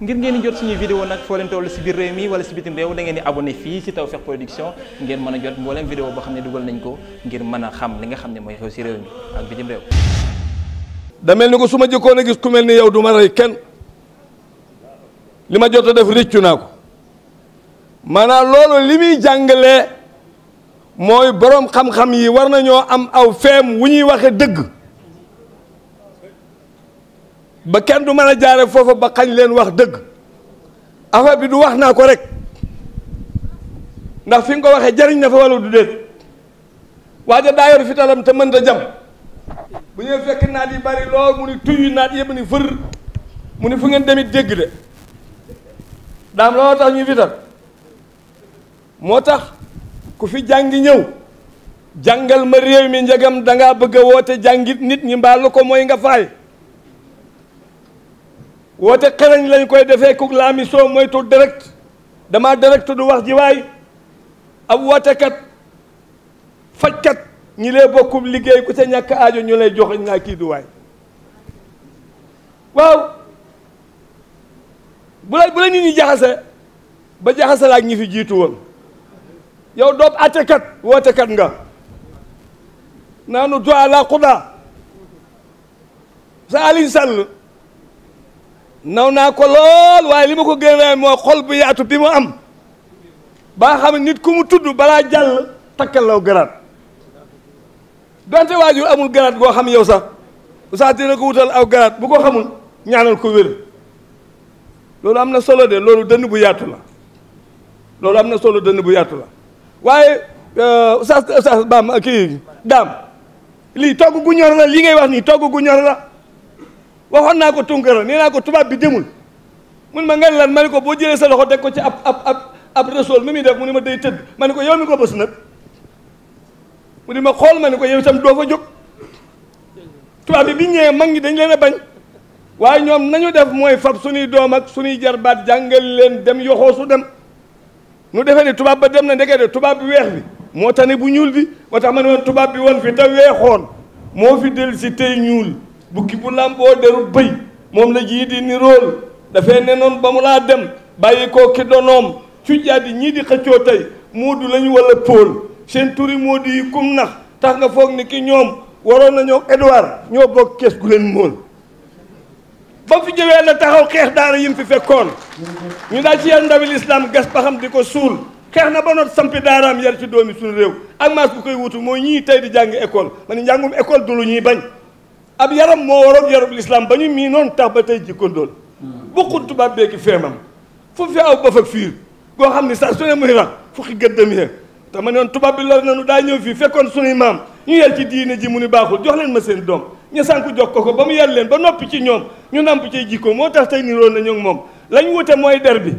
ngir ngeen di jot suñuy vidéo nag foo leen toll si biir réew mi wala si bitim réew da ngeen di abonné fii si Tawfekh Production ngeen mën a jot mbooleem vidéo boo xam ne dugal nañ ko ngir mën a xam li nga xam ne mooy xew si réew mi ak bitim réew da mel ni ko su ma jëkkoon a gis ku mel ni yow du ma rey kenn li ma jot a def réccu naa ko maanaam loolu li muy jàngalee mooy boroom xam-xam yi war nañoo am aw feem wu ñuy waxe dëgg ba kenn du mën a jaare foofu ba xañ leen wax dëgg affaire bi du wax naa ko rek ndax fi nga ko waxee jariñ na fa wala du déet waaja daa yor fitalam te mënta jam bu ñëwee fekk naat yi bari lool mu ni tuyyu naat yëpp ni fër mu ni fu ngeen demit dégg de daam looloo tax ñuy fital moo tax ku fi jàngi ñëw jàngal ma réew mi njëgam danga bëgg a woote jàngit nit ñi mbaalu ko mooy nga faay woote xereñ lañ koy defee ku la mission moytu direct dama direct du wax ji waay ab wootekat fajkat ñi lay bokkub liggéey ku ca ñàkk ajo ñu lay jox naa kii du waay waaw bu la bu la nit ñi jaxase ba jaxase la ak ñi fi jiitu woon yow doob attekat wootekat nga naanu doi la xuda sa Aliou Sall naw naa ko lool waaye li ma ko gën a moo xol bu yaatu bi mu am baa xam nit ku mu tudd balaa jàll takkal law garaat donte waajur amul garaat goo xam yow sax oustaz dina ko wutal aw garaat bu ko xamul ñaanal ko wér loolu am na solo de loolu dënn bu yaatu la loolu am na solo dënn bu yaatu la waaye euh, oustaz oustaz baam kii daam lii togg gu ñor la lii ngay wax nii togg gu ñor la waxoon naa ko Tunkara nee naa ko tubaab bi demul mun ma nga lan ma ne ko boo jëlee sa loxo deg ko ci ab ab ab ab resool mi muy def mu ne ma day tëdd ma ne ko yow mi ko bës nag mu ne ma xool ma ne ko yow itam doo fa jóg tubaab bi bi ñëwee mag ñi dañ leen bañ waaye ñoom nañu def mooy fab suñuy doom ak suñuy jarbaat jàngal leen dem yoxoosu dem nu defee ni tubaab ba dem na ndekee de tubaab bi weex bi moo tane bu ñuul bi moo tax ma ne woon tubaab bi won fi te weexoon moo fi dellu si tey ñuul bukki bu làmboo derul bëy moom na ji jii di nirool dafay nenoon ba mu laa dem bàyyi koo ki donoom cujjaadi ñii di xëccoo tey moodu lañu walla Paul seen turi moodu yi kum nax tax nga foog ni ki ñoom waroon nañoo Edouard ñoo bokk kees gu leen mool ba fi jëwee la taxaw xeex daara nu fi fekkoon ñu daal ci yar ndawil islam gas ba xam di ko suul xeex na ba noot sampi daaraam yar ci doomi suñu réew ak maas bu koy wutu moo ñii tey di jàng école ma ne njàngum école du lu ñuy bañ ab yaram moo waroon yaram lislaam ba ñu mii noonu tax ba tey jikkondool hmm. bokkul tubaab beeki feemam fu fi aw ba fa fiir goo xam ne saa su ne muy rax fukki gëddam ya te ma ne tubaab bi lor nanu daa ñëw fii fekkoon sunuy maam ñu yar ci diine ji mu ni baaxul jox leen ma seen doom ñu sànku jox ko ko ba mu yar leen ba noppi ci ñoom ñu namp ci jikko moo tax tey niroon na ñoom moom lañ wute mooy der bi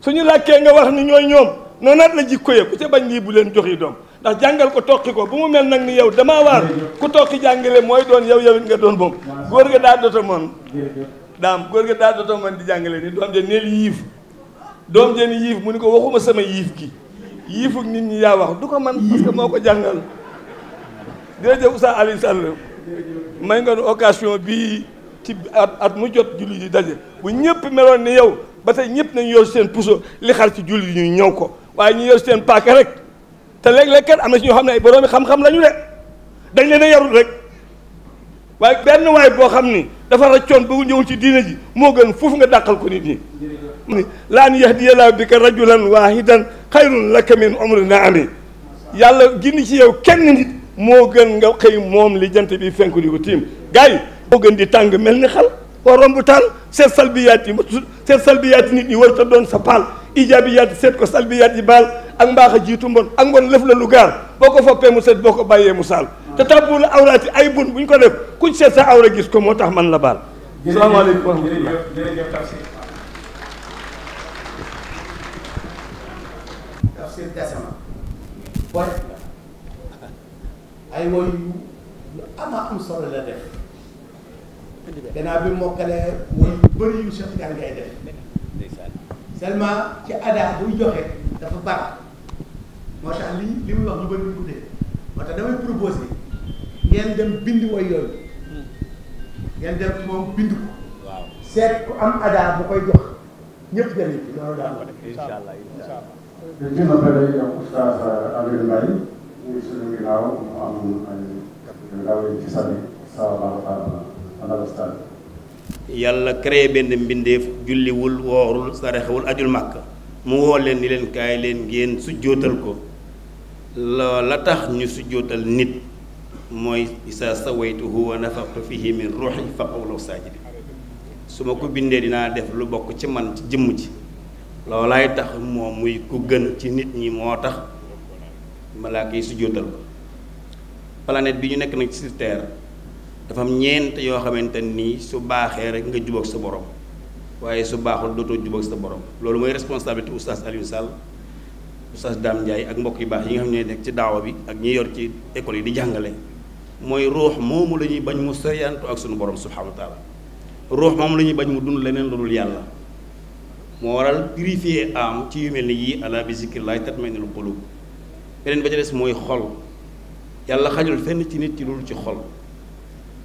suñu làkkee nga wax ni ñooy ñoom noonaat la jikko ya ku bañ lii bu leen jox doom ndax jàngal ko toqi ko bu mu mel nag ni yow damaa waar ku toqi jàngale mooy doon yow yowit nga doon moom góor ga daa doto moon daam góor ga daa doto moon di jàngale ni doom je neel yiif doom je ni yiif mu ni ko waxuma sama yiif gi yiifuk nit ñi yaa wax du ko man parce moo ko jàngal jërëjëf Oustaz Alioune Sall nga nu occasion bii ci mu jot julli di daje bu ñëpp meloon ni yow ba tey ñëpp nañ yor seen puso li xar ci julli ñuy ñëw ko waaye ñu yor seen paaka rek te léeg-léeg kenn am na ci ñoo xam ne ay boroomi xam-xam lañu de dañ leen a yarul rek waaye benn waay boo xam ni dafa raccoon bu ñëwul ci diina ji moo gën foofu nga dàqal ko nit ñi ni laan yahdiyallaahu bika rajulan waahidan xayrun laka min umri naami yàlla gindi ci yow kenn moo gën nga xëy moom li jant bi fenku di ko tiim moo gën di tàng mel ni xal wa romb taal seet salbiyaat yi seet salbiyaat yi nit ñi war ta doon sa paal ijaabiyaat yi seet ko salbiyaat yi baal ak mbaax a jiitu mbon ak mbon lëf la lu gaar boo ko foppee mu set boo ko bàyyee mu saal te aw awraati ay bun bu ñu ko def kuñ seet sa awra gis ko moo tax man la baal salaamaaleykum wa rahmatulah jërëjëf tafsir tafsir gasama bari ay woy yu yu am solo la def gannaaw bi mokkalee woy yu bëri ci adaa buy joxe dafa baax moo tax li li muy wax ñu bëri duñ ko dégg moo damay proposé ngeen dem bind woy yooyu ngeen dem moom bind ko. waaw seet ku am adaar bu koy jox ñëpp jëriñ ci allah incha allah. benn mbindeef julliwul woorul saraxewul ajul màkk mu woo leen ni leen kaay leen ngeen su ko. loola tax ñu sujjóotal nit mooy sa sa sawaytuhu wa nafaxtu fihi min ruuxi fa qawlaw saajidin su ma ko bindee dinaa def lu bokk ci man ci jëmm ji loolaay tax moom muy ku gën ci nit ñi moo tax malaaka yi sujjóotal ko planète bi ñu nekk nag ci terre dafa ñeent yoo xamante nii su baaxee rek nga jubak sa borom waaye su baaxul dootoo jubak sa borom loolu mooy responsabilité oustaz Alioune Sall Oustaz Dame Ndiaye ak mbokk yu baax yi nga xam ne nekk ci daawa bi ak ñi yor ci école yi di jàngale mooy ruux moomu la ñuy bañ mu soriyantu ak suñu borom subhanahu wa taala ruux moom la ñuy bañ mu dund leneen lu dul yàlla moo waral purifier am ci yu mel ni yii ala bi zikrillahi tatmainul qulub beneen ba ca des mooy xol yàlla xajul fenn ci nit ci loolu ci xol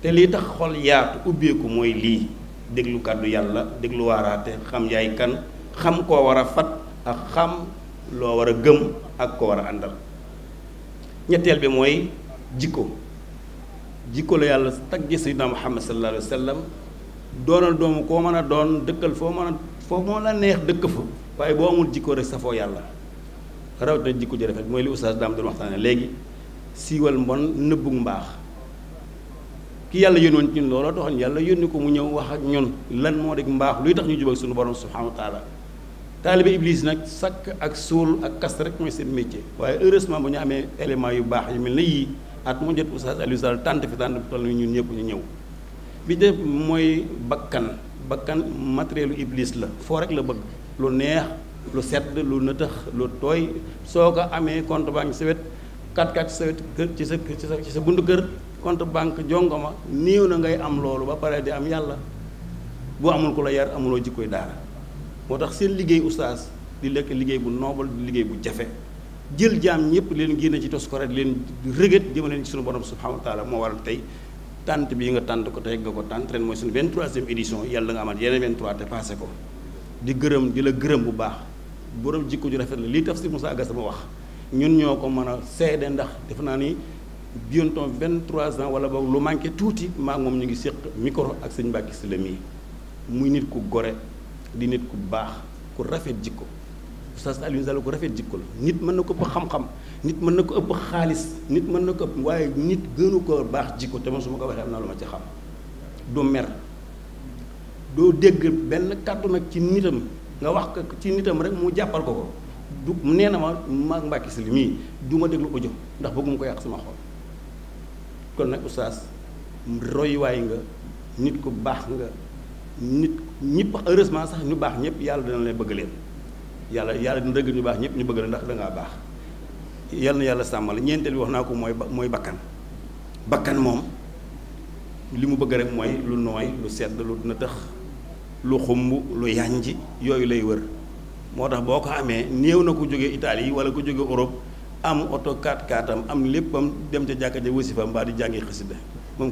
te lii tax xol yaatu ubbeeku mooy lii déglu kàddu yàlla déglu waaraate xam yaay kan xam koo war a fat ak xam loo war a gëm ak ko war a àndal ñetteel bi mooy jikko jikko la yàlla tagge sayyidina muhammad sallallahu alayhi wa sallam doonal doomu koo mën a doon dëkkal foo mën a foo moo la neex dëkk fu waaye boo amul jikko rek safoo yàlla rawatina jikko ji rafet mooy li oustaz daam doon waxtaane léegi siiwal mbon nëbbug mbaax ki yàlla yónnoon ci ñun looloo taxoon yàlla yónni ko mu ñëw wax ak ñun lan moo di mbaax luy tax ñu jubal sunu borom subhanahu wa taalibe Iblis nag sakk ak suul ak kast rek mooy seen métier waaye heureusement bu ñu amee élément yu baax yu mel ne yii at mu jot Oustaz Alioune Sall tànt fi tànt bu toll ñun ñëpp ñu ñëw bi def mooy bakkan bakkan matérielu Iblis la foo rek la bëgg lu neex lu sedd lu nëtëx lu tooy soo ko amee compte banque sa wet kat kat sa wet kër ci sa ci sa ci buntu kër compte banque jongoma néew na ngay am loolu ba pare di am yàlla boo amul ko la yar amuloo jikkoy daara moo tax seen liggéey oustaz di lekk liggéey bu noobal di liggéey bu jafe jël jaam ñëpp leen génne ci tos ko rek leen rëgët jëmale leen ci sunu borom subhanahu wa taala moo waral tey tant bi nga tant ko tey nga ko tant ren mooy sunu 23e édition yàlla nga amaat yeneen 23 te passé ko di gërëm di la gërëm bu baax boroom jikko ju rafet la lii tafsir Moussa Gassama wax ñun ñoo ko mën a seede ndax defe naa ni bientôt 23 ans wala boog lu manqué tuuti maa ñu ngi séq micro ak sëñ Mbacke Sylla mii muy nit ku gore di nit ku baax ku rafet jikko oustaz Alioune Sall ku rafet jikko la nit mën na ko ëpp xam-xam nit mën na ko ëpp xaalis nit mën na ko ëpp waaye nit gënu ko baax jikko te man su ma ko waxee am na lu ma ci xam du mer doo dégg benn kàttu nag ci nitam nga wax ko ci nitam rek mu jàppal ko ko du nee na ma maag Mbàkke si li mii du ma déglu audio ndax bëgguma ko yàq sama xol kon nag oustaz royuwaay nga nit ko baax nga nit ñi heureusement sax ñu baax ñëpp yàlla dana leen bëgg leen yàlla yàlla dina dëgg ñu baax ñëpp ñu bëgg leen ndax dangaa baax yal na yàlla sàmmal ñeenteel bi wax naa ko mooy ba mooy bakkan bakkan moom li mu bëgg rek mooy lu nooy lu sedd lu dina tëx lu xumb lu yànji yooyu lay wër moo tax boo ko amee néew na ku jógee Italie wala ku jóge Europe am oto 4x4 am am léppam dem ca jàkka ja wasifam mbaa di jàngi xasida moom